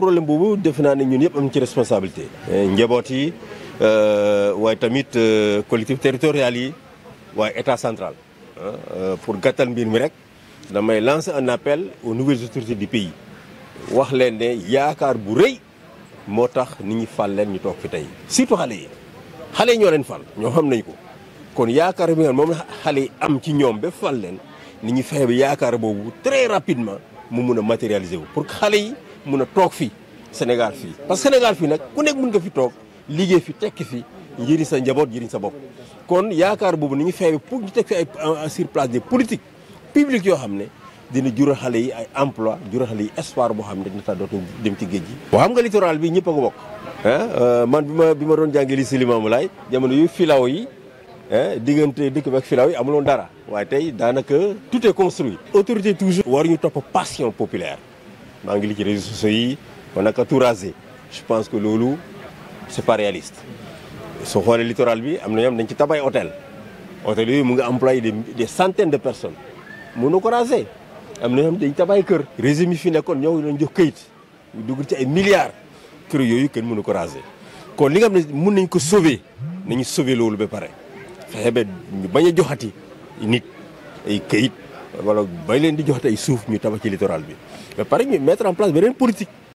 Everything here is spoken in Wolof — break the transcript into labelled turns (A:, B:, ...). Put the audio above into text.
A: problème boobu defe naa ne ñun yëpp am ci responsabilité. Eh, njaboot yi euh, waaye tamit euh, collectivités territoriales yi waaye état central. Ah, euh, pour gàttal mbir mi rek damay lancer un appel au nouvelles autorités du pays wax leen ne yaakaar bu rëy moo tax ni ñi fal leen ñu toog fi tey surtout xale yi xale yi ñoo leen fal ñoo xam nañ ko kon yaakaar bi nga moom la xale yi am ci ñoom ba fal leen ni ñi fexe bi yaakaar boobu très rapidement mu mun a matérialiser wu pour que xale mun a toog fii Sénégal fii parce que Sénégal fii nag ku nekk mun nga fi toog liggéey fi tekki fi njëriñ sa njaboot njëriñ sa bopp kon yaakaar boobu ni ñu feewe pour ñu teg fi ay euh, sur place des politiques yoo xam ne dina jural xale yi ay emploi jural xale yi espoir boo xam ne dina tax dootu dem ci géej gi waaw xam nga littoral bi ñëpp a ko bokk euh, man bi ma bi ma doon si lycée Limamoulaye jamono yu filaw yi diggante dëkk bi ak filaw yi amuloon dara waaye tey daanaka tout est construit autorité toujours war topp passion populaire maa ngi li ci réseaux sociaux yi on a qu'à tout raser je pense que loolu c'est pas réaliste soo xoolee littoral bi am na ñoom dañ ci tabay hôtel hôtel yooyu mu ngi employé des des de personnes mun na ko raser am na ñoom dañ tabay kër régime yi fi nekkoon ñoo doon jox këyit ñu dugg ci ay milliards kër yooyu kenn mënu ko raser kon li nga xam ne mun nañ ko sauver nañu sauver loolu ba pare fexe ba ñu bañ a joxati nit ay këyit wala bay leen di jox tey suuf ñu tabax ci littoral bi mais pare ñu mettre en place beneen politique